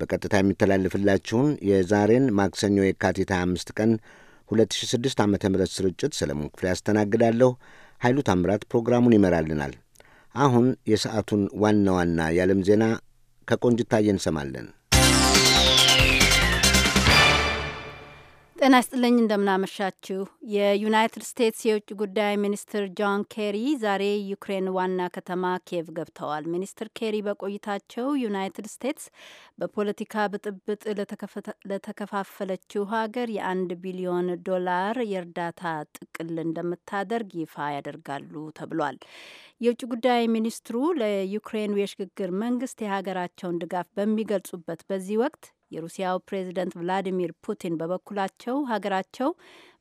በቀጥታ የሚተላልፍላችሁን የዛሬን ማክሰኞ የካቲት 25 ቀን 2006 ዓ ም ስርጭት ሰለሞን ክፍሌ ያስተናግዳለሁ። ኃይሉ ታምራት ፕሮግራሙን ይመራልናል። አሁን የሰዓቱን ዋና ዋና የዓለም ዜና ከቆንጅታየ እንሰማለን። ጤና ይስጥልኝ እንደምናመሻችሁ። የዩናይትድ ስቴትስ የውጭ ጉዳይ ሚኒስትር ጆን ኬሪ ዛሬ ዩክሬን ዋና ከተማ ኪየቭ ገብተዋል። ሚኒስትር ኬሪ በቆይታቸው ዩናይትድ ስቴትስ በፖለቲካ ብጥብጥ ለተከፋፈለችው ሀገር የአንድ ቢሊዮን ዶላር የእርዳታ ጥቅል እንደምታደርግ ይፋ ያደርጋሉ ተብሏል። የውጭ ጉዳይ ሚኒስትሩ ለዩክሬኑ የሽግግር መንግስት የሀገራቸውን ድጋፍ በሚገልጹበት በዚህ ወቅት የሩሲያው ፕሬዚደንት ቭላዲሚር ፑቲን በበኩላቸው ሀገራቸው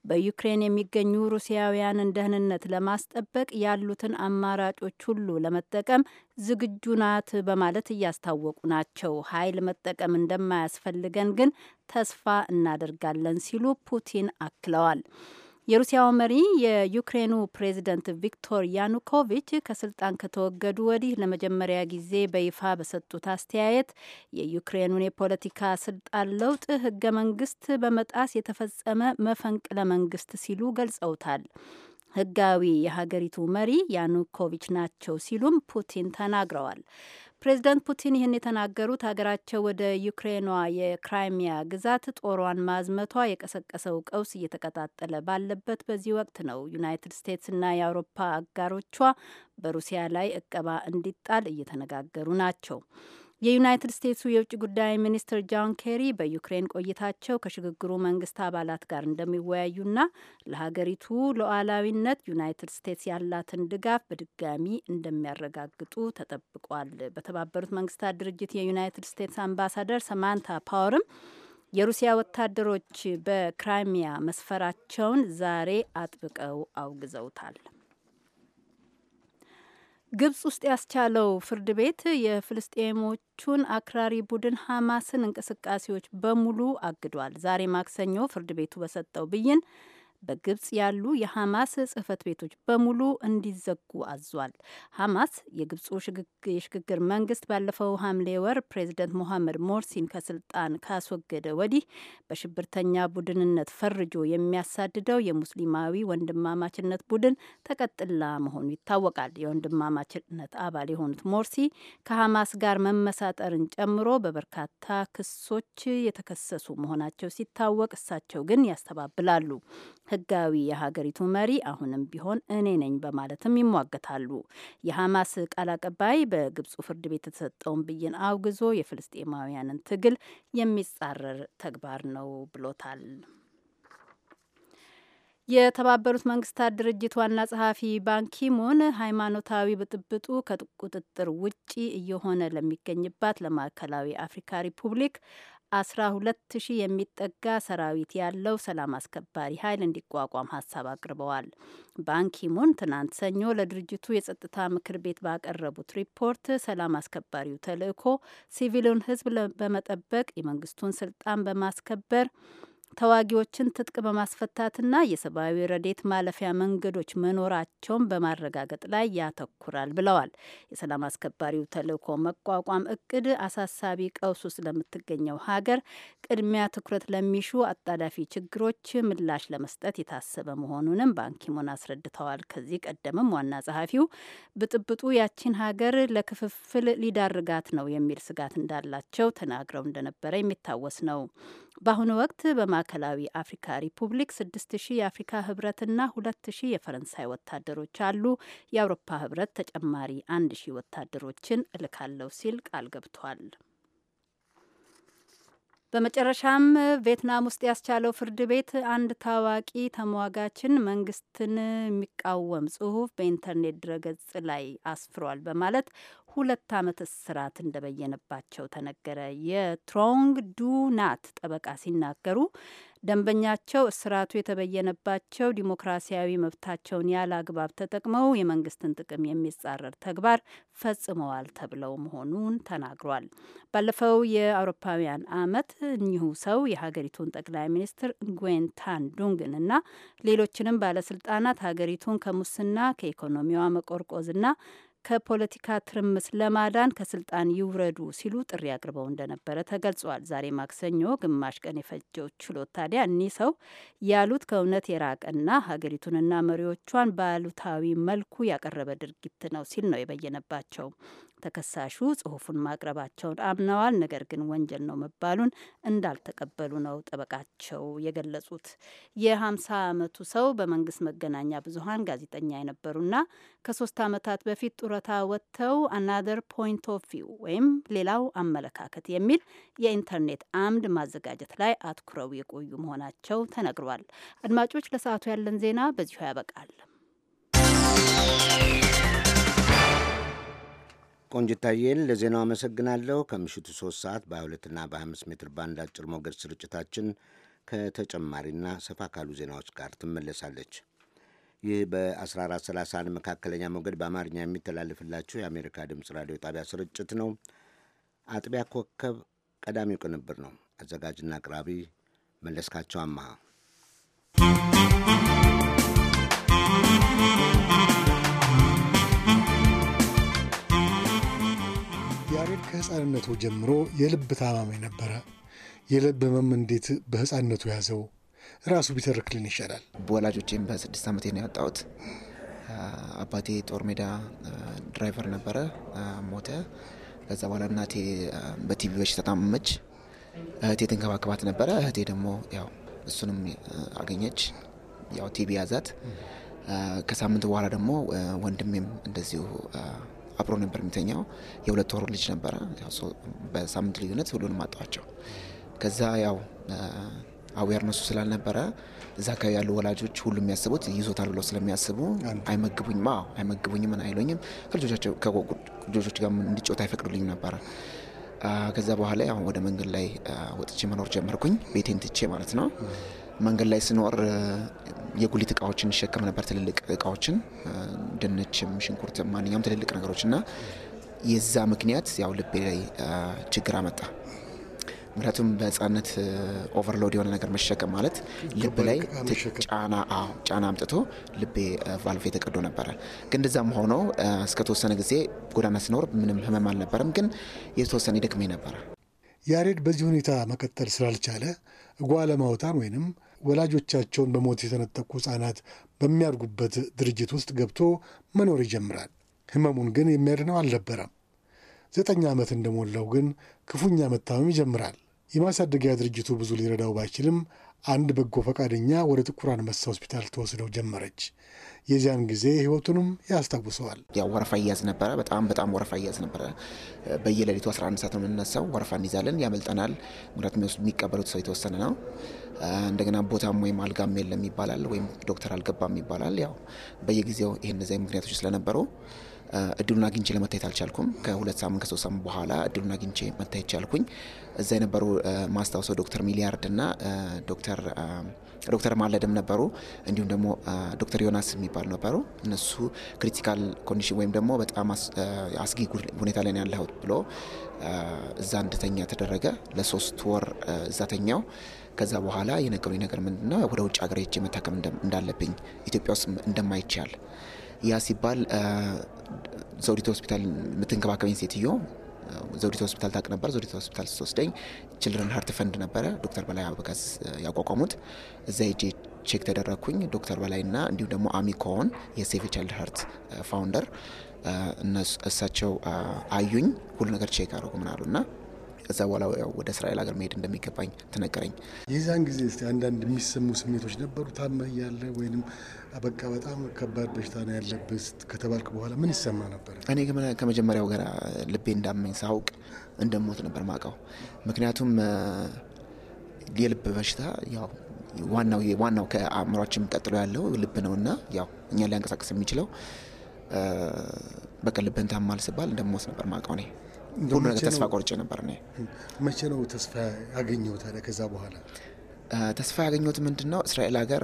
በዩክሬን የሚገኙ ሩሲያውያንን ደህንነት ለማስጠበቅ ያሉትን አማራጮች ሁሉ ለመጠቀም ዝግጁ ናት በማለት እያስታወቁ ናቸው። ኃይል መጠቀም እንደማያስፈልገን ግን ተስፋ እናደርጋለን ሲሉ ፑቲን አክለዋል። የሩሲያው መሪ የዩክሬኑ ፕሬዚደንት ቪክቶር ያኑኮቪች ከስልጣን ከተወገዱ ወዲህ ለመጀመሪያ ጊዜ በይፋ በሰጡት አስተያየት የዩክሬኑን የፖለቲካ ስልጣን ለውጥ ህገ መንግስት በመጣስ የተፈጸመ መፈንቅለ መንግስት ሲሉ ገልጸውታል። ህጋዊ የሀገሪቱ መሪ ያኑኮቪች ናቸው ሲሉም ፑቲን ተናግረዋል። ፕሬዚደንት ፑቲን ይህን የተናገሩት ሀገራቸው ወደ ዩክሬኗ የክራይሚያ ግዛት ጦሯን ማዝመቷ የቀሰቀሰው ቀውስ እየተቀጣጠለ ባለበት በዚህ ወቅት ነው። ዩናይትድ ስቴትስና የአውሮፓ አጋሮቿ በሩሲያ ላይ እቀባ እንዲጣል እየተነጋገሩ ናቸው። የዩናይትድ ስቴትሱ የውጭ ጉዳይ ሚኒስትር ጆን ኬሪ በዩክሬን ቆይታቸው ከሽግግሩ መንግስት አባላት ጋር እንደሚወያዩና ለሀገሪቱ ሉዓላዊነት ዩናይትድ ስቴትስ ያላትን ድጋፍ በድጋሚ እንደሚያረጋግጡ ተጠብቋል። በተባበሩት መንግስታት ድርጅት የዩናይትድ ስቴትስ አምባሳደር ሰማንታ ፓወርም የሩሲያ ወታደሮች በክራይሚያ መስፈራቸውን ዛሬ አጥብቀው አውግዘውታል። ግብጽ ውስጥ ያስቻለው ፍርድ ቤት የፍልስጤሞቹን አክራሪ ቡድን ሐማስን እንቅስቃሴዎች በሙሉ አግዷል። ዛሬ ማክሰኞ ፍርድ ቤቱ በሰጠው ብይን በግብጽ ያሉ የሐማስ ጽህፈት ቤቶች በሙሉ እንዲዘጉ አዟል። ሐማስ የግብፁ የሽግግር መንግስት ባለፈው ሐምሌ ወር ፕሬዚደንት ሞሐመድ ሞርሲን ከስልጣን ካስወገደ ወዲህ በሽብርተኛ ቡድንነት ፈርጆ የሚያሳድደው የሙስሊማዊ ወንድማማችነት ቡድን ተቀጥላ መሆኑ ይታወቃል። የወንድማማችነት አባል የሆኑት ሞርሲ ከሐማስ ጋር መመሳጠርን ጨምሮ በበርካታ ክሶች የተከሰሱ መሆናቸው ሲታወቅ፣ እሳቸው ግን ያስተባብላሉ። ህጋዊ የሀገሪቱ መሪ አሁንም ቢሆን እኔ ነኝ በማለትም ይሟገታሉ። የሐማስ ቃል አቀባይ በግብፁ ፍርድ ቤት የተሰጠውን ብይን አውግዞ የፍልስጤማውያንን ትግል የሚጻረር ተግባር ነው ብሎታል። የተባበሩት መንግስታት ድርጅት ዋና ጸሐፊ ባንኪሙን ሃይማኖታዊ ብጥብጡ ከቁጥጥር ውጪ እየሆነ ለሚገኝባት ለማዕከላዊ አፍሪካ ሪፑብሊክ ሁለት ሺህ የሚጠጋ ሰራዊት ያለው ሰላም አስከባሪ ኃይል እንዲቋቋም ሀሳብ አቅርበዋል። ባንኪሙን ትናንት ሰኞ ለድርጅቱ የጸጥታ ምክር ቤት ባቀረቡት ሪፖርት ሰላም አስከባሪው ተልዕኮ ሲቪሉን ሕዝብ በመጠበቅ የመንግስቱን ስልጣን በማስከበር ተዋጊዎችን ትጥቅ በማስፈታትና የሰብአዊ ረዴት ማለፊያ መንገዶች መኖራቸውን በማረጋገጥ ላይ ያተኩራል ብለዋል። የሰላም አስከባሪው ተልእኮ መቋቋም እቅድ አሳሳቢ ቀውስ ውስጥ ለምትገኘው ሀገር ቅድሚያ ትኩረት ለሚሹ አጣዳፊ ችግሮች ምላሽ ለመስጠት የታሰበ መሆኑንም ባንኪሞን አስረድተዋል። ከዚህ ቀደምም ዋና ጸሐፊው ብጥብጡ ያቺን ሀገር ለክፍፍል ሊዳርጋት ነው የሚል ስጋት እንዳላቸው ተናግረው እንደነበረ የሚታወስ ነው። በአሁኑ ወቅት በማዕከላዊ አፍሪካ ሪፑብሊክ ሺህ የአፍሪካ ህብረትና ሺህ የፈረንሳይ ወታደሮች አሉ። የአውሮፓ ህብረት ተጨማሪ ሺህ ወታደሮችን እልካለሁ ሲል ቃል ገብቷል። በመጨረሻም ቬትናም ውስጥ ያስቻለው ፍርድ ቤት አንድ ታዋቂ ተሟጋችን መንግስትን የሚቃወም ጽሁፍ በኢንተርኔት ድረገጽ ላይ አስፍሯል በማለት ሁለት ዓመት እስራት እንደበየነባቸው ተነገረ። የትሮንግ ዱናት ጠበቃ ሲናገሩ ደንበኛቸው እስራቱ የተበየነባቸው ዲሞክራሲያዊ መብታቸውን ያለ አግባብ ተጠቅመው የመንግስትን ጥቅም የሚጻረር ተግባር ፈጽመዋል ተብለው መሆኑን ተናግሯል። ባለፈው የአውሮፓውያን አመት እኚሁ ሰው የሀገሪቱን ጠቅላይ ሚኒስትር ጉዌንታን ዱንግን እና ሌሎችንም ባለስልጣናት ሀገሪቱን ከሙስና ከኢኮኖሚዋ መቆርቆዝና ከፖለቲካ ትርምስ ለማዳን ከስልጣን ይውረዱ ሲሉ ጥሪ አቅርበው እንደነበረ ተገልጿል። ዛሬ ማክሰኞ ግማሽ ቀን የፈጀው ችሎት ታዲያ እኒህ ሰው ያሉት ከእውነት የራቀና ሀገሪቱንና መሪዎቿን በአሉታዊ መልኩ ያቀረበ ድርጊት ነው ሲል ነው የበየነባቸው። ተከሳሹ ጽሁፉን ማቅረባቸውን አምነዋል። ነገር ግን ወንጀል ነው መባሉን እንዳልተቀበሉ ነው ጠበቃቸው የገለጹት። የሀምሳ አመቱ ሰው በመንግስት መገናኛ ብዙሀን ጋዜጠኛ የነበሩና ከሶስት አመታት በፊት ጡረታ ወጥተው አናደር ፖይንት ኦፍ ቪው ወይም ሌላው አመለካከት የሚል የኢንተርኔት አምድ ማዘጋጀት ላይ አትኩረው የቆዩ መሆናቸው ተነግሯል። አድማጮች ለሰዓቱ ያለን ዜና በዚሁ ያበቃል። ቆንጅታዬን ለዜናው አመሰግናለሁ። ከምሽቱ ሶስት ሰዓት በ2ና በ5 ሜትር ባንድ አጭር ሞገድ ስርጭታችን ከተጨማሪና ሰፋ ካሉ ዜናዎች ጋር ትመለሳለች። ይህ በ1431 መካከለኛ ሞገድ በአማርኛ የሚተላለፍላችሁ የአሜሪካ ድምፅ ራዲዮ ጣቢያ ስርጭት ነው። አጥቢያ ኮከብ ቀዳሚው ቅንብር ነው። አዘጋጅና አቅራቢ መለስካቸው አመሃ ከህፃንነቱ ጀምሮ የልብ ታማሚ ነበረ። የልብ ህመም እንዴት በህፃንነቱ ያዘው ራሱ ቢተርክልን ይሻላል። በወላጆቼም በስድስት ዓመቴ ነው ያወጣሁት። አባቴ ጦር ሜዳ ድራይቨር ነበረ፣ ሞተ። ከዛ በኋላ እናቴ በቲቪ በሽታ ታመመች። እህቴ ትንከባከባት ነበረ። እህቴ ደግሞ ያው እሱንም አገኘች፣ ያው ቲቪ ያዛት። ከሳምንት በኋላ ደግሞ ወንድሜም እንደዚሁ አብሮ ነበር የሚተኛው። የሁለት ወር ልጅ ነበረ። በሳምንት ልዩነት ሁሉንም አጣዋቸው። ከዛ ያው አዌርነሱ ስላልነበረ እዛ አካባቢ ያሉ ወላጆች ሁሉ የሚያስቡት ይዞታል ብለው ስለሚያስቡ አይመግቡኝም፣ አዎ አይመግቡኝም፣ አይሉኝም ከልጆች ጋር እንድጮት አይፈቅዱልኝም ነበረ። ከዛ በኋላ ያው ወደ መንገድ ላይ ወጥቼ መኖር ጀመርኩኝ፣ ቤቴን ትቼ ማለት ነው። መንገድ ላይ ስኖር የጉሊት እቃዎችን ይሸከም ነበር፣ ትልልቅ እቃዎችን፣ ድንችም፣ ሽንኩርት፣ ማንኛውም ትልልቅ ነገሮች እና የዛ ምክንያት ያው ልቤ ላይ ችግር አመጣ። ምክንያቱም በህፃነት ኦቨርሎድ የሆነ ነገር መሸከም ማለት ልብ ላይ ጫና አምጥቶ ልቤ ቫልቭ የተቀዶ ነበረ። ግን እንደዛም ሆኖ እስከተወሰነ ጊዜ ጎዳና ስኖር ምንም ህመም አልነበረም፣ ግን የተወሰነ ይደክሜ ነበረ። ያሬድ በዚህ ሁኔታ መቀጠል ስላልቻለ እጓ ለማውጣን ወይንም ወላጆቻቸውን በሞት የተነጠቁ ህጻናት በሚያድጉበት ድርጅት ውስጥ ገብቶ መኖር ይጀምራል። ህመሙን ግን የሚያድነው አልነበረም። ዘጠኝ ዓመት እንደሞላው ግን ክፉኛ መታመም ይጀምራል። የማሳደጊያ ድርጅቱ ብዙ ሊረዳው ባይችልም አንድ በጎ ፈቃደኛ ወደ ጥቁር አንበሳ ሆስፒታል ተወስደው ጀመረች። የዚያን ጊዜ ህይወቱንም ያስታውሰዋል። ያው ወረፋ እያዝ ነበረ። በጣም በጣም ወረፋ እያዝ ነበረ። በየሌሊቱ 11 ሰዓት ነው የምንነሳው። ወረፋ እንይዛለን፣ ያመልጠናል። ምክንያቱም የሚቀበሉት ሰው የተወሰነ ነው። እንደገና ቦታም ወይም አልጋም የለም ይባላል፣ ወይም ዶክተር አልገባም ይባላል። ያው በየጊዜው ይህን ዚ ምክንያቶች ስለነበሩ እድሉን አግኝቼ ለመታየት አልቻልኩም። ከሁለት ሳምንት ከሶስት ሳምንት በኋላ እድሉን አግኝቼ መታየት ቻልኩኝ። እዛ የነበሩ ማስታውሰው ዶክተር ሚሊያርድ እና ዶክተር ዶክተር ማለድም ነበሩ፣ እንዲሁም ደግሞ ዶክተር ዮናስ የሚባል ነበሩ። እነሱ ክሪቲካል ኮንዲሽን ወይም ደግሞ በጣም አስጊ ሁኔታ ላይ ያለሁት ብሎ እዛ እንድተኛ ተደረገ። ለሶስት ወር እዛ ተኛው። ከዛ በኋላ የነገሩኝ ነገር ምንድነው ወደ ውጭ ሀገር ሄጄ መታከም እንዳለብኝ ኢትዮጵያ ውስጥ እንደማይቻል ያ ሲባል ዘውዲቱ ሆስፒታል የምትንከባከበኝ ሴትዮ ዘውዲቱ ሆስፒታል ታቅ ነበር። ዘውዲቱ ሆስፒታል ስትወስደኝ ችልድረን ሀርት ፈንድ ነበረ ዶክተር በላይ አበጋዝ ያቋቋሙት። እዛ ሄጄ ቼክ ተደረግኩኝ። ዶክተር በላይ ና እንዲሁም ደግሞ አሚኮን የሴቭ ቻይልድ ሀርት ፋውንደር እሳቸው አዩኝ። ሁሉ ነገር ቼክ አደረጉ ምናሉ ና ከዛ በኋላ ወደ እስራኤል ሀገር መሄድ እንደሚገባኝ ተነገረኝ። የዛን ጊዜ እስቲ አንዳንድ የሚሰሙ ስሜቶች ነበሩ። ታመህ ያለ ወይም በቃ በጣም ከባድ በሽታ ነው ያለብህ ከተባልክ በኋላ ምን ይሰማ ነበር? እኔ ከመጀመሪያው ጋር ልቤ እንዳመኝ ሳውቅ እንደሞት ነበር ማቀው ምክንያቱም የልብ በሽታ ያው ዋናው ዋናው ከአእምሯችን ቀጥሎ ያለው ልብ ነው እና ያው እኛ ሊያንቀሳቀስ የሚችለው በቃ ልብህን ታማል ስባል እንደሞት ነበር ማቀው እኔ። ሁሉ ነገር ተስፋ ቆርጬ ነበር። እኔ መቼ ነው ተስፋ ያገኘሁት? ታዲያ ከዛ በኋላ ተስፋ ያገኘሁት ምንድን ነው? እስራኤል ሀገር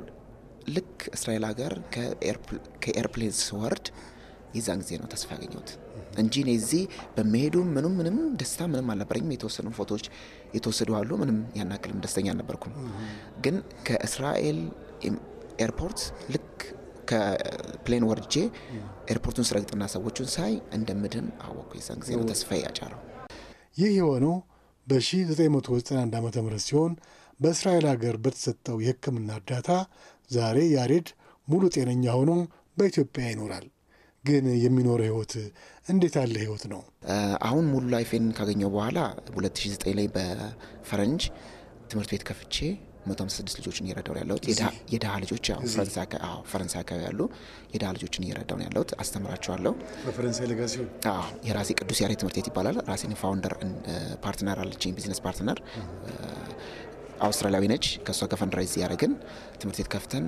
ልክ እስራኤል ሀገር ከኤርፕሌን ስወርድ የዛን ጊዜ ነው ተስፋ ያገኘሁት እንጂ እኔ እዚህ በመሄዱ ምንም ምንም ደስታ ምንም አልነበረኝም። የተወሰኑ ፎቶዎች የተወሰዱ አሉ። ምንም ያናክልም ደስተኛ አልነበርኩም። ግን ከእስራኤል ኤርፖርት ልክ ፕሌን ወርጄ ኤርፖርቱን ስረግጥና ሰዎቹን ሳይ እንደምድን አወቅኩ። የዛን ጊዜ ነው ተስፋ ያጫረው። ይህ የሆነው በ1991 ዓ ም ሲሆን በእስራኤል ሀገር በተሰጠው የሕክምና እርዳታ ዛሬ ያሬድ ሙሉ ጤነኛ ሆኖ በኢትዮጵያ ይኖራል። ግን የሚኖረው ህይወት እንዴት ያለ ህይወት ነው? አሁን ሙሉ ላይፌን ካገኘው በኋላ 2009 ላይ በፈረንጅ ትምህርት ቤት ከፍቼ መቶ ሃምሳ ስድስት ልጆችን እየረዳው ያለሁት። የድሀ ልጆች ፈረንሳይ አካባቢ ያሉ የድሀ ልጆችን እየረዳው ነው ያለሁት። አስተምራቸዋለሁ። በፈረንሳይ ለጋሲዮን የራሴ ቅዱስ ያሬድ ትምህርት ቤት ይባላል። ራሴን ፋውንደር ፓርትነር uh, አለችኝ፣ ቢዝነስ ፓርትነር uh, አውስትራሊያዊ ነች። ከእሷ ጋር ፈንድራይዝ ያደረግን ትምህርት ቤት ከፍተን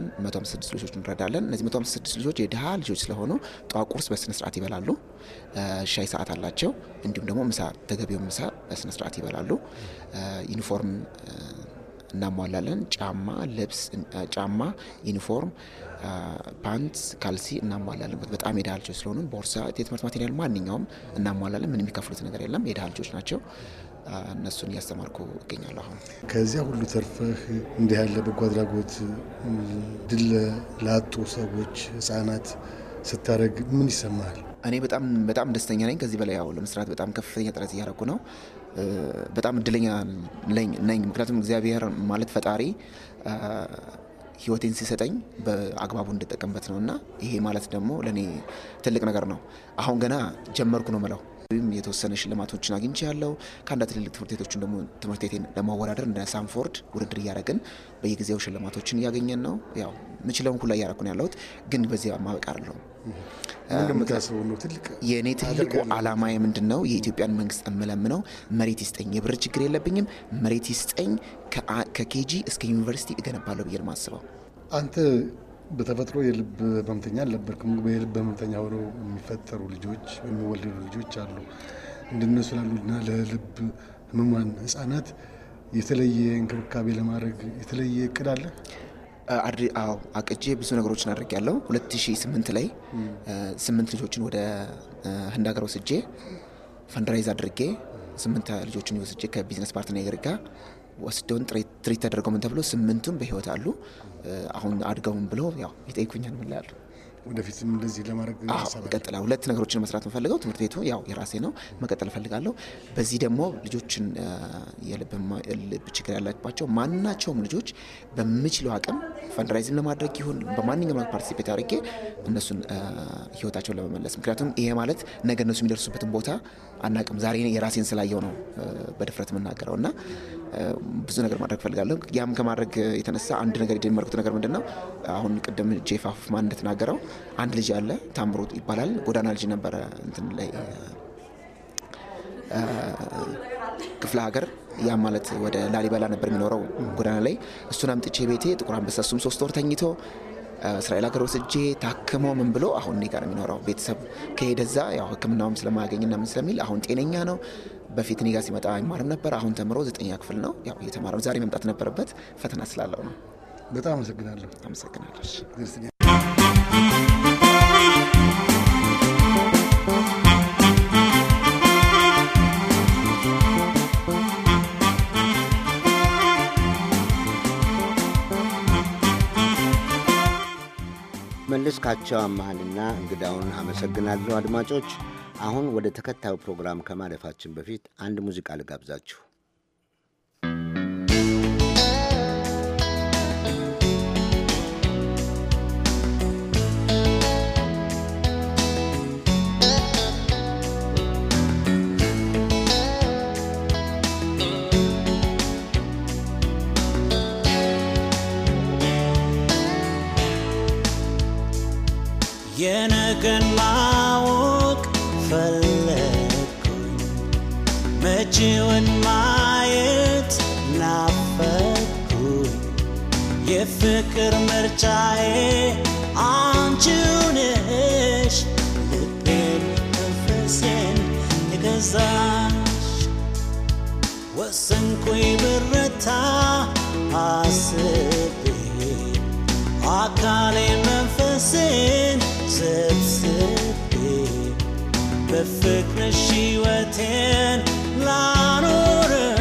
ስድስት ልጆች እንረዳለን። እነዚህ ስድስት ልጆች የድሃ ልጆች ስለሆኑ ጠዋት ቁርስ በስነ ስርዓት ይበላሉ፣ uh, ሻይ ሰዓት አላቸው። እንዲሁም ደግሞ ምሳ፣ ተገቢውን ምሳ በስነ ስርዓት ይበላሉ። ዩኒፎርም እናሟላለን። ጫማ፣ ልብስ፣ ጫማ፣ ዩኒፎርም፣ ፓንት፣ ካልሲ እናሟላለን። በጣም የድሃ ልጆች ስለሆኑ ቦርሳ፣ የትምህርት ማቴሪያል ማንኛውም እናሟላለን። ምን የሚከፍሉት ነገር የለም። የድሃ ልጆች ናቸው። እነሱን እያስተማርኩ እገኛለሁ። አሁን ከዚያ ሁሉ ተርፈህ እንዲህ ያለ በጎ አድራጎት ድል ላጡ ሰዎች፣ ህጻናት ስታደርግ ምን ይሰማል? እኔ በጣም በጣም ደስተኛ ነኝ። ከዚህ በላይ ያው ለመስራት በጣም ከፍተኛ ጥረት እያደረጉ ነው። በጣም እድለኛ ነኝ። ምክንያቱም እግዚአብሔር ማለት ፈጣሪ ህይወቴን ሲሰጠኝ በአግባቡ እንድጠቀምበት ነው እና ይሄ ማለት ደግሞ ለእኔ ትልቅ ነገር ነው። አሁን ገና ጀመርኩ ነው መለው የተወሰነ ሽልማቶችን አግኝቼ ያለው ከአንድ ትልልቅ ትምህርት ቤቶችን ደግሞ ትምህርት ቤቴን ለማወዳደር እንደ ሳንፎርድ ውድድር እያደረግን በየጊዜው ሽልማቶችን እያገኘን ነው። ያው ምችለውን ሁላ እያደረኩ ነው ያለሁት፣ ግን በዚህ ማበቃ አይደለሁም። የእኔ ትልቁ አላማ የምንድን ነው? የኢትዮጵያን መንግስት እምለምነው መሬት ይስጠኝ፣ የብር ችግር የለብኝም፣ መሬት ይስጠኝ፣ ከኬጂ እስከ ዩኒቨርሲቲ እገነባለሁ ብዬ የማስበው። አንተ በተፈጥሮ የልብ ህመምተኛ አልነበርክም። የልብ ህመምተኛ ሆነው የሚፈጠሩ ልጆች የሚወለዱ ልጆች አሉ። እንደነሱ ላሉና ለልብ ህመማን ህጻናት የተለየ እንክብካቤ ለማድረግ የተለየ እቅድ አለ አዎ አቅጄ ብዙ ነገሮችን ያለው 2008 ላይ ስምንት ልጆችን ወደ ህንድ ሀገር ወስጄ ፈንድራይዝ አድርጌ ስምንት ልጆችን ወስጄ ከቢዝነስ ፓርትነር ጋር ወስደውን ትሪት ተደርገው ምን ተብሎ ስምንቱም በህይወት አሉ። አሁን አድገውም ብሎ ያው ይጠይቁኛል ምን ላይ ወደፊት እንደዚህ ለማድረግ ቀጥላ ሁለት ነገሮችን መስራት የምፈልገው ትምህርት ቤቱ ያው የራሴ ነው መቀጠል እፈልጋለሁ። በዚህ ደግሞ ልጆችን የልብ ችግር ያለባቸው ማናቸውም ልጆች በምችለው አቅም ፈንድራይዝም ለማድረግ ይሁን በማንኛውም ፓርቲሲፔት አድርጌ እነሱን ህይወታቸውን ለመመለስ ምክንያቱም ይሄ ማለት ነገ እነሱ የሚደርሱበትን ቦታ አናቅም። ዛሬ የራሴን ስላየው ነው በድፍረት የምናገረው እና ብዙ ነገር ማድረግ እፈልጋለሁ። ያም ከማድረግ የተነሳ አንድ ነገር የጀመርኩት ነገር ምንድን ነው አሁን ቅድም ጄፋፍ ሆፍማን እንደተናገረው አንድ ልጅ አለ ታምሮ ይባላል። ጎዳና ልጅ ነበረ እንትን ላይ ክፍለ ሀገር ያ ማለት ወደ ላሊበላ ነበር የሚኖረው ጎዳና ላይ። እሱን አምጥቼ ቤቴ ጥቁር አንበሳ፣ እሱም ሶስት ወር ተኝቶ እስራኤል ሀገር ወስጄ ታክሞ ምን ብሎ አሁን እኔ ጋር የሚኖረው ቤተሰብ ከሄደዛ ያው ሕክምናውም ስለማያገኝና ምን ስለሚል አሁን ጤነኛ ነው። በፊት እኔ ጋር ሲመጣ አይማርም ነበር። አሁን ተምሮ ዘጠኛ ክፍል ነው ያው እየተማረ ዛሬ መምጣት ነበረበት ፈተና ስላለው ነው። በጣም አመሰግናለሁ። አመሰግናለሁ። መለስካቸው አማህንና እንግዳውን አመሰግናለሁ። አድማጮች፣ አሁን ወደ ተከታዩ ፕሮግራም ከማለፋችን በፊት አንድ ሙዚቃ ልጋብዛችሁ። እጅውን ማየት ናፈኩኝ የፍቅር ምርጫዬ አንቺው ነሽ ልቤን መንፈሴን የገዛሽ ወሰንኩኝ ብረታ አስቤ አካሌ መንፈሴን ስብስቤ በፍቅርሽ ሕይወቴን claro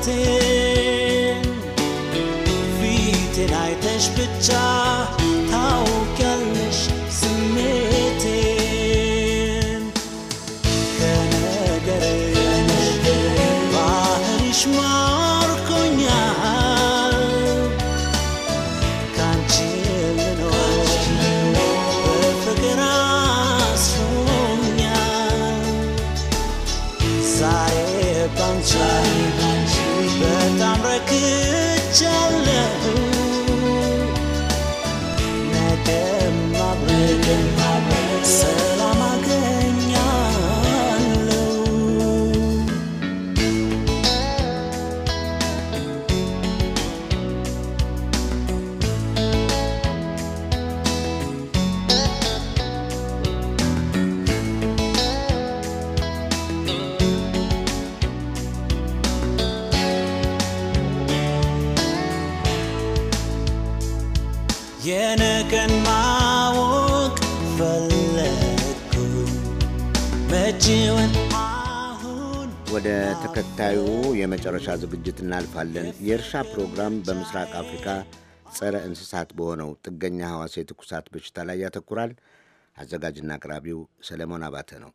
ħatin Fi tirajt eċbitċa ወደ ተከታዩ የመጨረሻ ዝግጅት እናልፋለን። የእርሻ ፕሮግራም በምስራቅ አፍሪካ ጸረ እንስሳት በሆነው ጥገኛ ሐዋሴ የትኩሳት በሽታ ላይ ያተኩራል። አዘጋጅና አቅራቢው ሰለሞን አባተ ነው።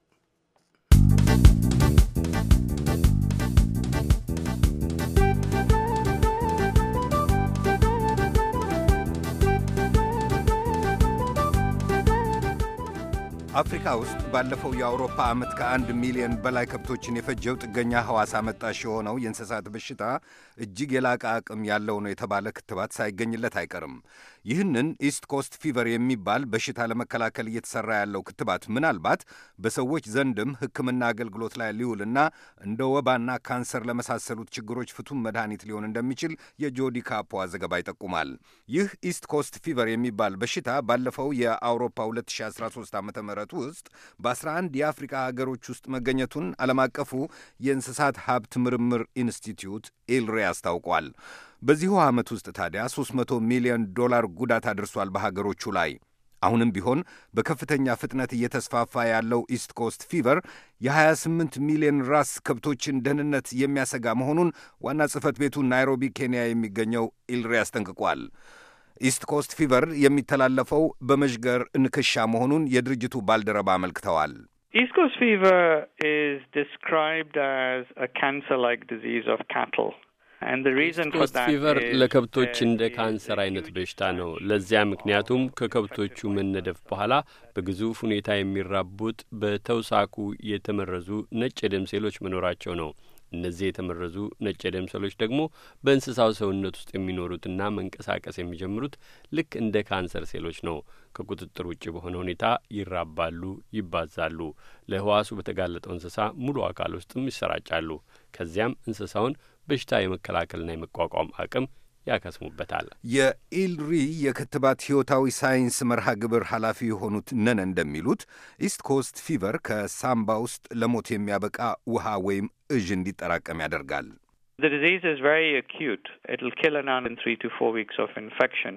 አፍሪካ ውስጥ ባለፈው የአውሮፓ ዓመት ከአንድ ሚሊዮን በላይ ከብቶችን የፈጀው ጥገኛ ሐዋሳ መጣሽ የሆነው የእንስሳት በሽታ እጅግ የላቀ አቅም ያለው ነው የተባለ ክትባት ሳይገኝለት አይቀርም። ይህንን ኢስት ኮስት ፊቨር የሚባል በሽታ ለመከላከል እየተሰራ ያለው ክትባት ምናልባት በሰዎች ዘንድም ሕክምና አገልግሎት ላይ ሊውልና እንደ ወባና ካንሰር ለመሳሰሉት ችግሮች ፍቱም መድኃኒት ሊሆን እንደሚችል የጆዲ ካፖዋ ዘገባ ይጠቁማል። ይህ ኢስት ኮስት ፊቨር የሚባል በሽታ ባለፈው የአውሮፓ 2013 ዓ ም ውስጥ በ11 የአፍሪካ ሀገሮች ውስጥ መገኘቱን ዓለም አቀፉ የእንስሳት ሀብት ምርምር ኢንስቲትዩት ኢልሬ አስታውቋል። በዚሁ ዓመት ውስጥ ታዲያ 300 ሚሊዮን ዶላር ጉዳት አድርሷል በሀገሮቹ ላይ። አሁንም ቢሆን በከፍተኛ ፍጥነት እየተስፋፋ ያለው ኢስት ኮስት ፊቨር የ28 ሚሊዮን ራስ ከብቶችን ደህንነት የሚያሰጋ መሆኑን ዋና ጽህፈት ቤቱ ናይሮቢ ኬንያ የሚገኘው ኢልሪ አስጠንቅቋል። ኢስት ኮስት ፊቨር የሚተላለፈው በመዥገር ንክሻ መሆኑን የድርጅቱ ባልደረባ አመልክተዋል። ኢስት ኮስት ፊቨር ኢዝ ዲስክራይብድ አዝ አ ካንሰር ላይክ ዲዚዝ ኦፍ ካትል ኮስት ፊቨር ለከብቶች uh, እንደ ካንሰር አይነት በሽታ ነው። ለዚያ ምክንያቱም ከከብቶቹ መነደፍ በኋላ በግዙፍ ሁኔታ የሚራቡት በተውሳኩ የተመረዙ ነጭ የደም ሴሎች መኖራቸው ነው። እነዚህ የተመረዙ ነጭ የደም ሴሎች ደግሞ በእንስሳው ሰውነት ውስጥ የሚኖሩትና መንቀሳቀስ የሚጀምሩት ልክ እንደ ካንሰር ሴሎች ነው። ከቁጥጥር ውጭ በሆነ ሁኔታ ይራባሉ፣ ይባዛሉ። ለህዋሱ በተጋለጠው እንስሳ ሙሉ አካል ውስጥም ይሰራጫሉ። ከዚያም እንስሳውን በሽታ የመከላከልና የመቋቋም አቅም ያከስሙበታል። የኢልሪ የክትባት ሕይወታዊ ሳይንስ መርሃ ግብር ኃላፊ የሆኑት ነን እንደሚሉት ኢስት ኮስት ፊቨር ከሳምባ ውስጥ ለሞት የሚያበቃ ውሃ ወይም እዥ እንዲጠራቀም ያደርጋል። The disease is very acute. It'll kill in three to four weeks of infection.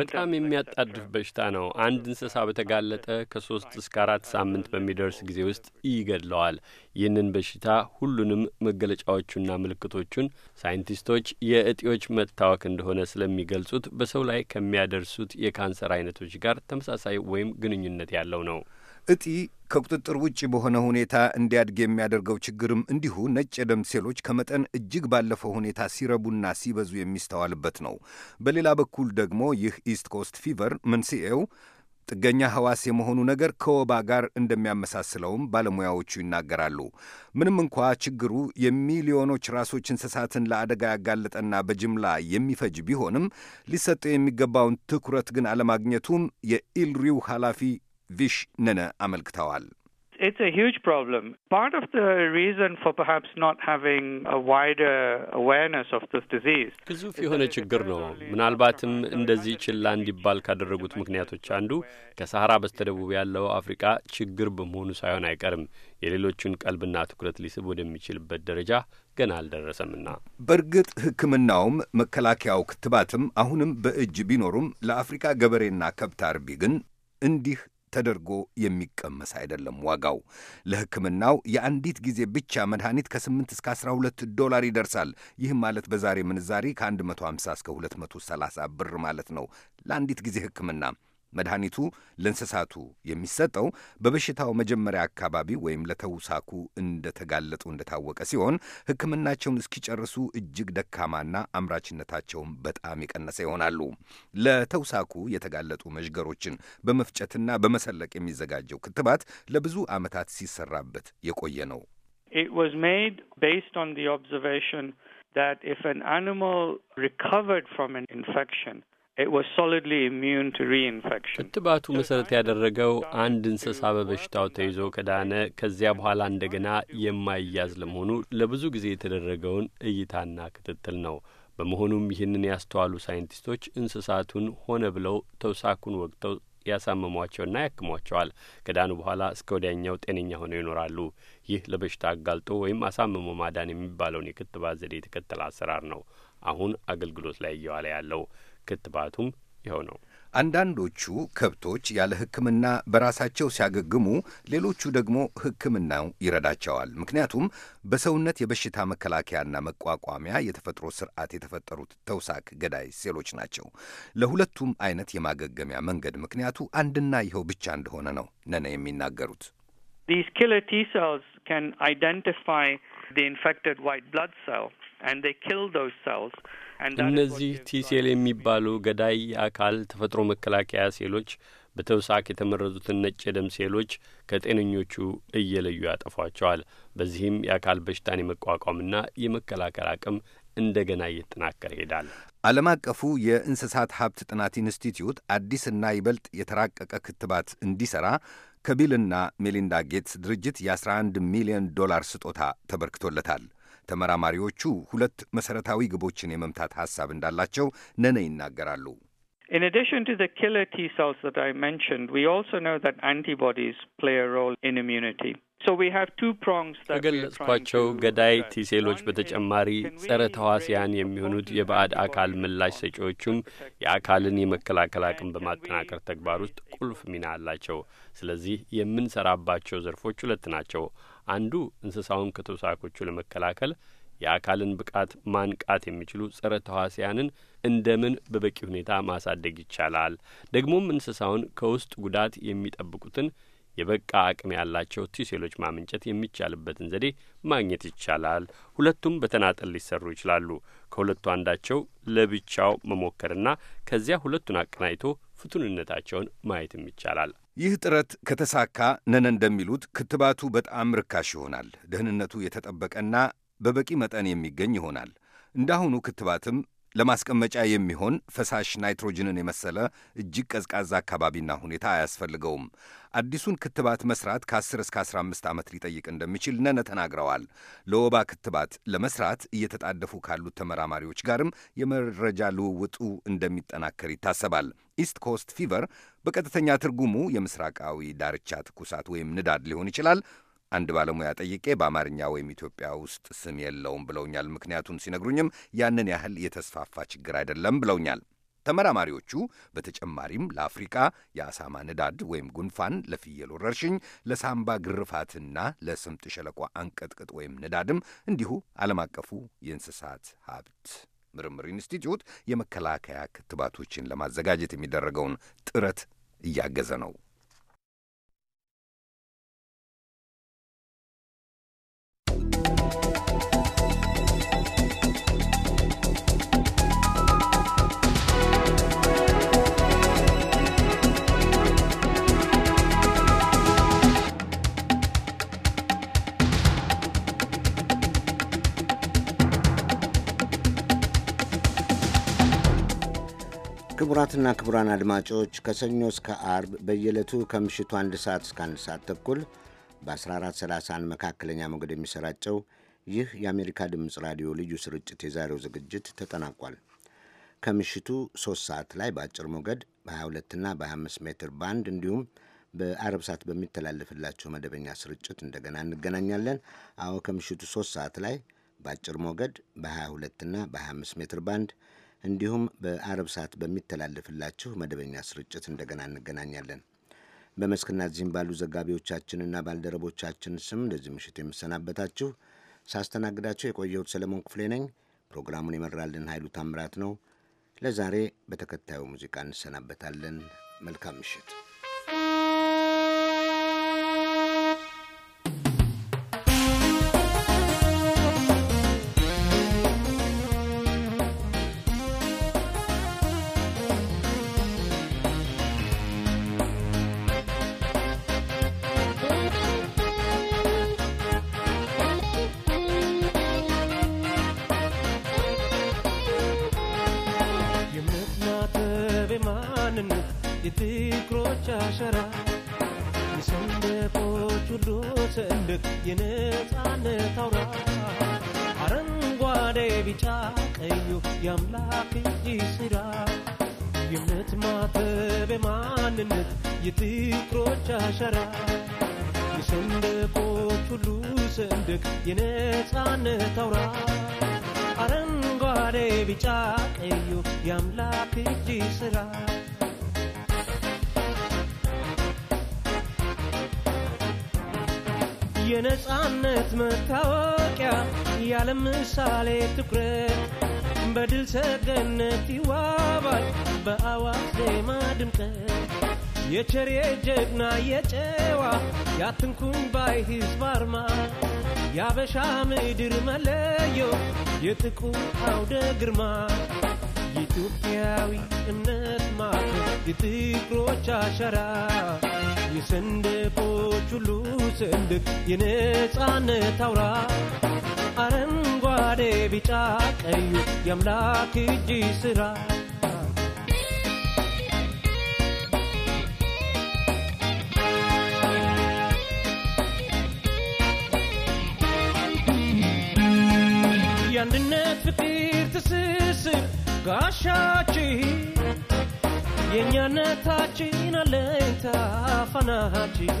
በጣም የሚያጣድፍ በሽታ ነው። አንድ እንስሳ በተጋለጠ ከሶስት እስከ አራት ሳምንት በሚደርስ ጊዜ ውስጥ ይገድለዋል። ይህንን በሽታ ሁሉንም መገለጫዎቹና ምልክቶቹን ሳይንቲስቶች የእጢዎች መታወክ እንደሆነ ስለሚገልጹት በሰው ላይ ከሚያደርሱት የካንሰር አይነቶች ጋር ተመሳሳይ ወይም ግንኙነት ያለው ነው። እጢ ከቁጥጥር ውጭ በሆነ ሁኔታ እንዲያድግ የሚያደርገው ችግርም እንዲሁ ነጭ የደም ሴሎች ከመጠን እጅግ ባለፈው ሁኔታ ሲረቡና ሲበዙ የሚስተዋልበት ነው። በሌላ በኩል ደግሞ ይህ ኢስት ኮስት ፊቨር መንስኤው ጥገኛ ሕዋስ የመሆኑ ነገር ከወባ ጋር እንደሚያመሳስለውም ባለሙያዎቹ ይናገራሉ። ምንም እንኳ ችግሩ የሚሊዮኖች ራሶች እንስሳትን ለአደጋ ያጋለጠና በጅምላ የሚፈጅ ቢሆንም ሊሰጠው የሚገባውን ትኩረት ግን አለማግኘቱም የኢልሪው ኃላፊ ቪሽነነ አመልክተዋል። It's a huge problem. Part of the reason for perhaps not having a wider awareness of this disease. ግዙፍ የሆነ ችግር ነው። ምናልባትም እንደዚህ ችላ እንዲባል ካደረጉት ምክንያቶች አንዱ ከሳህራ በስተደቡብ ያለው አፍሪቃ ችግር በመሆኑ ሳይሆን አይቀርም። የሌሎቹን ቀልብና ትኩረት ሊስብ ወደሚችልበት ደረጃ ገና አልደረሰምና። በእርግጥ ሕክምናውም መከላከያው ክትባትም አሁንም በእጅ ቢኖሩም ለአፍሪካ ገበሬና ከብት አርቢ ግን እንዲህ ተደርጎ የሚቀመስ አይደለም። ዋጋው ለሕክምናው የአንዲት ጊዜ ብቻ መድኃኒት ከ8 እስከ 12 ዶላር ይደርሳል። ይህም ማለት በዛሬ ምንዛሪ ከ150 እስከ 230 ብር ማለት ነው ለአንዲት ጊዜ ሕክምና መድኃኒቱ ለእንስሳቱ የሚሰጠው በበሽታው መጀመሪያ አካባቢ ወይም ለተውሳኩ እንደተጋለጡ እንደታወቀ ሲሆን ሕክምናቸውን እስኪጨርሱ እጅግ ደካማና አምራችነታቸውን በጣም የቀነሰ ይሆናሉ። ለተውሳኩ የተጋለጡ መዥገሮችን በመፍጨትና በመሰለቅ የሚዘጋጀው ክትባት ለብዙ ዓመታት ሲሰራበት የቆየ ነው። It was made based on the observation that if an animal recovered from an infection ክትባቱ መሰረት ያደረገው አንድ እንስሳ በበሽታው ተይዞ ከዳነ ከዚያ በኋላ እንደገና የማይያዝ ለመሆኑ ለብዙ ጊዜ የተደረገውን እይታና ክትትል ነው። በመሆኑም ይህንን ያስተዋሉ ሳይንቲስቶች እንስሳቱን ሆነ ብለው ተውሳኩን ወቅተው ያሳመሟቸውና ያክሟቸዋል። ከዳኑ በኋላ እስከ ወዲያኛው ጤነኛ ሆነው ይኖራሉ። ይህ ለበሽታ አጋልጦ ወይም አሳምሞ ማዳን የሚባለውን የክትባት ዘዴ የተከተለ አሰራር ነው አሁን አገልግሎት ላይ እየዋለ ያለው። ክትባቱም ይኸው ነው። አንዳንዶቹ ከብቶች ያለ ሕክምና በራሳቸው ሲያገግሙ፣ ሌሎቹ ደግሞ ሕክምናው ይረዳቸዋል። ምክንያቱም በሰውነት የበሽታ መከላከያና መቋቋሚያ የተፈጥሮ ስርዓት የተፈጠሩት ተውሳክ ገዳይ ሴሎች ናቸው። ለሁለቱም አይነት የማገገሚያ መንገድ ምክንያቱ አንድና ይኸው ብቻ እንደሆነ ነው ነነ የሚናገሩት። These killer T cells can identify the infected white blood cell and they kill those cells. እነዚህ ቲሴል የሚባሉ ገዳይ አካል ተፈጥሮ መከላከያ ሴሎች በተውሳክ የተመረዙትን ነጭ የደም ሴሎች ከጤነኞቹ እየለዩ ያጠፏቸዋል። በዚህም የአካል በሽታን የመቋቋምና የመከላከል አቅም እንደገና እየተጠናከረ ይሄዳል። ዓለም አቀፉ የእንስሳት ሀብት ጥናት ኢንስቲትዩት አዲስና ይበልጥ የተራቀቀ ክትባት እንዲሠራ ከቢልና ሜሊንዳ ጌትስ ድርጅት የ11 ሚሊዮን ዶላር ስጦታ ተበርክቶለታል። ተመራማሪዎቹ ሁለት መሰረታዊ ግቦችን የመምታት ሀሳብ እንዳላቸው ነነ ይናገራሉ። In addition to the killer T cells that I mentioned, we also know that antibodies play a role in immunity. ከገለጽኳቸው ገዳይ ቲሴሎች በተጨማሪ ጸረ ተዋሲያን የሚሆኑት የባዕድ አካል ምላሽ ሰጪዎቹም የአካልን የመከላከል አቅም በማጠናከር ተግባር ውስጥ ቁልፍ ሚና አላቸው። ስለዚህ የምንሰራባቸው ዘርፎች ሁለት ናቸው። አንዱ እንስሳውን ከተውሳኮቹ ለመከላከል የአካልን ብቃት ማንቃት የሚችሉ ጸረ ተዋሲያንን እንደምን በበቂ ሁኔታ ማሳደግ ይቻላል? ደግሞም እንስሳውን ከውስጥ ጉዳት የሚጠብቁትን የበቃ አቅም ያላቸው ቲሴሎች ማመንጨት የሚቻልበትን ዘዴ ማግኘት ይቻላል። ሁለቱም በተናጠል ሊሰሩ ይችላሉ። ከሁለቱ አንዳቸው ለብቻው መሞከርና ከዚያ ሁለቱን አቀናጅቶ ፍቱንነታቸውን ማየትም ይቻላል። ይህ ጥረት ከተሳካ ነነ እንደሚሉት ክትባቱ በጣም ርካሽ ይሆናል። ደህንነቱ የተጠበቀና በበቂ መጠን የሚገኝ ይሆናል። እንዳሁኑ ክትባትም ለማስቀመጫ የሚሆን ፈሳሽ ናይትሮጅንን የመሰለ እጅግ ቀዝቃዛ አካባቢና ሁኔታ አያስፈልገውም። አዲሱን ክትባት መስራት ከ10 እስከ 15 ዓመት ሊጠይቅ እንደሚችል ነነ ተናግረዋል። ለወባ ክትባት ለመስራት እየተጣደፉ ካሉት ተመራማሪዎች ጋርም የመረጃ ልውውጡ እንደሚጠናከር ይታሰባል። ኢስት ኮስት ፊቨር በቀጥተኛ ትርጉሙ የምስራቃዊ ዳርቻ ትኩሳት ወይም ንዳድ ሊሆን ይችላል። አንድ ባለሙያ ጠይቄ በአማርኛ ወይም ኢትዮጵያ ውስጥ ስም የለውም ብለውኛል። ምክንያቱን ሲነግሩኝም ያንን ያህል የተስፋፋ ችግር አይደለም ብለውኛል። ተመራማሪዎቹ በተጨማሪም ለአፍሪቃ የአሳማ ንዳድ ወይም ጉንፋን፣ ለፍየል ወረርሽኝ፣ ለሳምባ ግርፋትና ለስምጥ ሸለቆ አንቀጥቅጥ ወይም ንዳድም እንዲሁ ዓለም አቀፉ የእንስሳት ሀብት ምርምር ኢንስቲትዩት የመከላከያ ክትባቶችን ለማዘጋጀት የሚደረገውን ጥረት እያገዘ ነው። ክቡራትና ክቡራን አድማጮች ከሰኞ እስከ አርብ በየዕለቱ ከምሽቱ አንድ ሰዓት እስከ አንድ ሰዓት ተኩል በ1430 መካከለኛ ሞገድ የሚሰራጨው ይህ የአሜሪካ ድምፅ ራዲዮ ልዩ ስርጭት የዛሬው ዝግጅት ተጠናቋል። ከምሽቱ ሶስት ሰዓት ላይ በአጭር ሞገድ በ22ና በ25 ሜትር ባንድ እንዲሁም በአረብ ሰዓት በሚተላለፍላቸው መደበኛ ስርጭት እንደገና እንገናኛለን። አዎ ከምሽቱ ሶስት ሰዓት ላይ በአጭር ሞገድ በ22ና በ25 ሜትር ባንድ እንዲሁም በአረብ ሰዓት በሚተላለፍላችሁ መደበኛ ስርጭት እንደገና እንገናኛለን። በመስክና እዚህም ባሉ ዘጋቢዎቻችንና ባልደረቦቻችን ስም ለዚህ ምሽት የምሰናበታችሁ ሳስተናግዳቸው የቆየሁት ሰለሞን ክፍሌ ነኝ። ፕሮግራሙን የመራልን ኃይሉ ታምራት ነው። ለዛሬ በተከታዩ ሙዚቃ እንሰናበታለን። መልካም ምሽት። ልተውራ አረንጓዴ ቢጫ ቀዩ የአምላክ እጅ ስራ የእምነት ማተብ የማንነት የፍቅሮች አሸራ የሰንደቆች ሁሉ ሰንደቅ የነፃነት አውራ አረንጓዴ ቢጫ ቀዩ የአምላክ እጅ ስራ የነፃነት መታወቂያ ያለ ምሳሌ ትኩረት በድል ሰገነት ይዋባል በአዋጅ ዜማ ድምቀት የቸሬ የጀግና የጨዋ ያትንኩኝ ባይ ሕዝብ አርማ የአበሻ ምድር መለዮ የጥቁ አውደ ግርማ የኢትዮጵያዊ እምነት ማ የትግሮች አሸራ! የሰንደቆች ሁሉ ሰንደቅ የነፃነት አውራ አረንጓዴ፣ ቢጫ፣ ቀዩ የአምላክ እጅ ስራ የአንድነት ፍቅር ትስስር ጋሻችን የእኛነታችን አለኝታ ፋናችን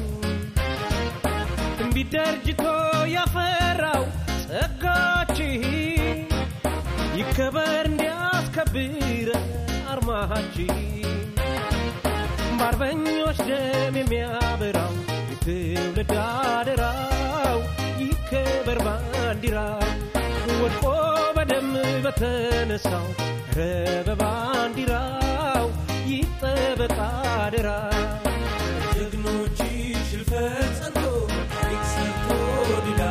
ትንቢት ያፈራው ጸጋችን ይከበር እንዲያስከብረ አርማችን በአርበኞች ደም የሚያበራው የትውልድ አደራው ይከበር ባንዲራው ወድቆ በደም በተነሳው ረበባንዲራ ይጠበቃድራ ጀግኖች ሽልፈት ጸንቶ ኤክሲቶ ድዳ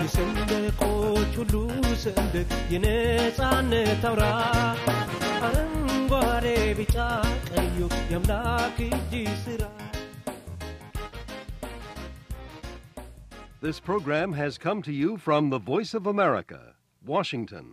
የሰንደቆች ሁሉ ሰንደቅ የነፃነት አውራ አረንጓዴ፣ ቢጫ፣ ቀዩ የአምላክ እጅ This program has come to you from the Voice of America, Washington.